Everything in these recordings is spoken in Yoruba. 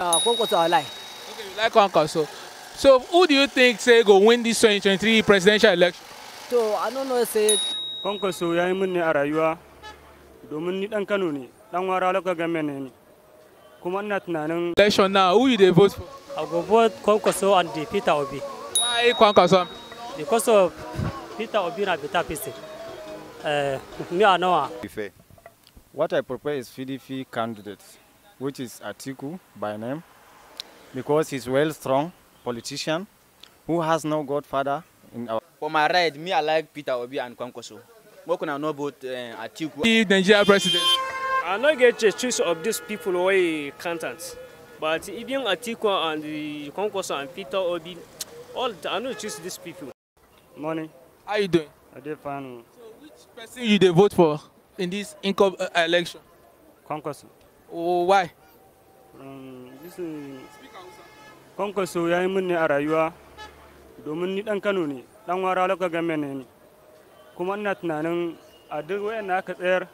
Uh, okay, you like Kwankwaso. So who do you think say go win this 2023 presidential election? To I don't know say. Kwankwaso ya yi mun ne a rayuwa domin ni dan Kano ne, dan wara local government ne. Kuma ina tunanin. Election now, who you dey vote for? I go vote Kwankwaso and the Peter Obi. Why Kwankwaso? Because of Peter Obi na better person. Uh, me I know. Ah. What I propose is PDP candidates. which is Atiku by name, because he's well strong politician who has no godfather in our. For my right, me I like Peter Obi and Kwankwaso. What can I know about uh, Atiku? The Nigeria president. I not get the choice of these people who away content, but even Atiku and the Kwankwaso and Peter Obi, all I know choose these people. Morning. How you doing? I did fine. So which person you they vote for in this income uh, election? Kwankwaso. Oh, why? Um, kwankwaso ya yi min ne a rayuwa domin ni dan kano ne dan wara loka game ne ni kuma ina tunanin a duk wayan na aka tsayar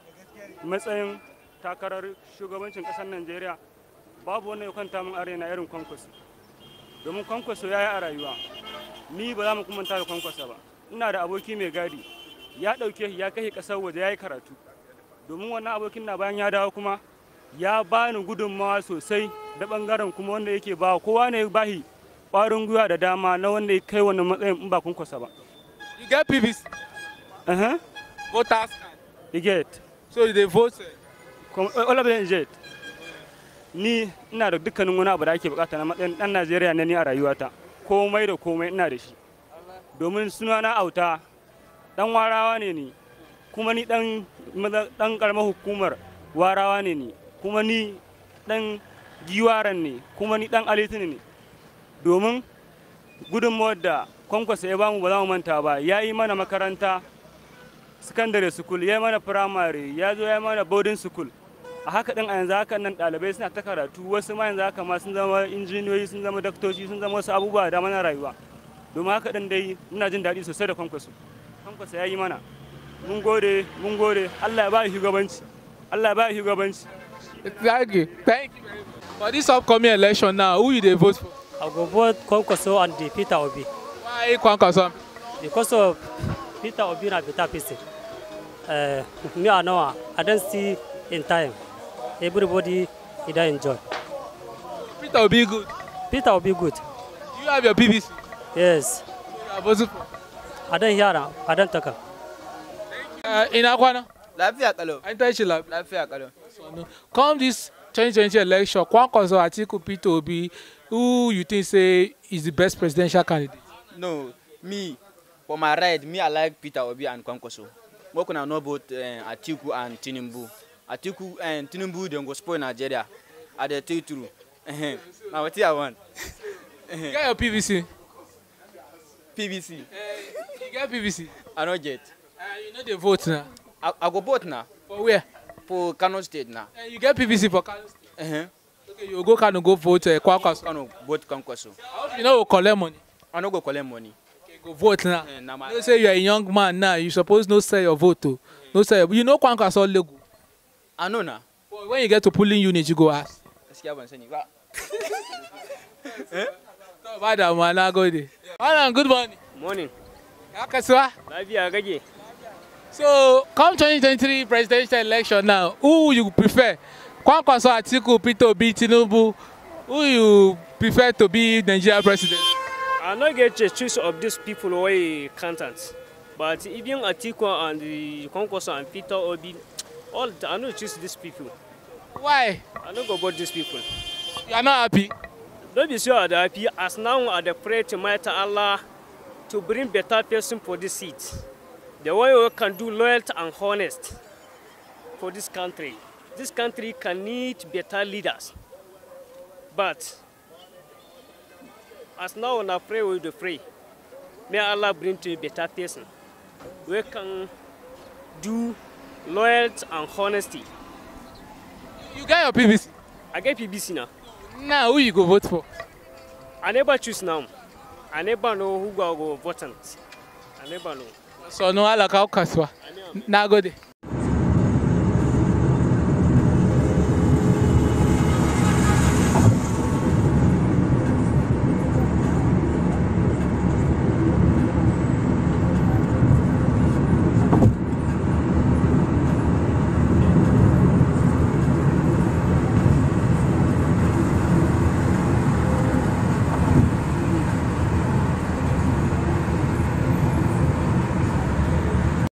matsayin takarar shugabancin kasar najeriya babu wani ya kwanta min arena irin kwankwaso domin kwankwaso ya yi a rayuwa ni ba za mu kuma da kwankwaso ba ina da aboki mai gadi ya ɗauke ya kai kasar waje ya yi karatu domin wannan abokin na bayan ya dawo kuma ya bani gudunmawa sosai da bangaren kuma wanda yake ba kowa ne bahi kwarin gwiwa da dama na wanda ya kai wani matsayin in ba kun kwasa ba. You get PVC? Uh huh. Voters You get. So they vote? Eh, all of them get. Ni ina da dukkanin wani abu da ake bukata na matsayin dan Najeriya na ni a rayuwata. Komai da komai ina da shi. Domin suna na auta dan warawa ne ni kuma ni dan karamar hukumar warawa ne ni. kuma ni ɗan giwaran ne kuma ni ɗan alitini ne domin gudunmawar da kwankwasa ya bamu ba za mu manta ba ya yi mana makaranta secondary school ya yi mana primary ya zo ya yi mana boarding school a haka din a yanzu haka nan ɗalibai suna ta karatu wasu ma yanzu haka ma sun zama injiniyoyi sun zama daktoci sun zama wasu abubuwa da mana rayuwa domin haka din dai muna jin daɗi sosai da kwankwaso kwankwaso ya yi mana mun gode mun gode allah ya ba shugabanci allah ya ba shugabanci Thank you Thank you. For this upcoming election now, who you dey vote for? I go vote Kwankwaso and the Peter Obi. Why Kwankwaso? Because of Peter Obi na Peter Pisi. Uh, eh, me and Noah, I don't see in time. Everybody he don enjoy. Peter Obi good. Peter Obi good. Do you have your PVC? Yes. you are voting for? I don't hear now. I don't talk am. Uh, ina kwana? lafiya kalau an tashi lafiya come this 2020 election kwan consul atiku peter obi who you think say is the best presidential candidate. no me for my right me i like peter obi and kwan consul make una know both uh, atiku and tinubu atiku and eh, tinubu dem go spoil nigeria i dey tell you true eh, na wetin i want. you get your pvc. pvc. Uh, you get pvc. i no get. Uh, you no know dey vote na. I, go vote now. For where? For Kano State now. And eh, you get PVC for Kano State? Uh-huh. Okay, you go Kano, go vote uh, eh, Kwakwaso? Kano, vote Kwankwaso. You know, collect money? I no go collect money. Okay, go vote now. Uh, nah, say You say you're a young man now, you suppose no sell your vote. To. Oh. No sell You know all legal I know now. Well, when you get to polling unit, you go ask. eh? Ba da ma na gode. Malam good morning. Morning. Ya kasuwa? Ah? Lafiya kake? So, come 2023 presidential election now, who you prefer? Kwankwaso Atiku, Peter Obi, Tinubu, who you prefer to be Nigeria president? I no get the choice of these people wey content, but even Atiku and the Kwankwaso and Peter Obi, all I no choose these people. Why? I no go vote these people. You are not happy? No be sure I dey happy as now I dey pray to my Allah to bring better person for this seat. The way we can do loyalty and honest for this country. This country can need better leaders. But as now on pray we do pray. May Allah bring to you better person. We can do loyalty and honesty. You got your PBC? I get PBC now. Now who you go vote for? I never choose now. I never know who go vote. I never know. Sono Allah kasuwa. Na gode.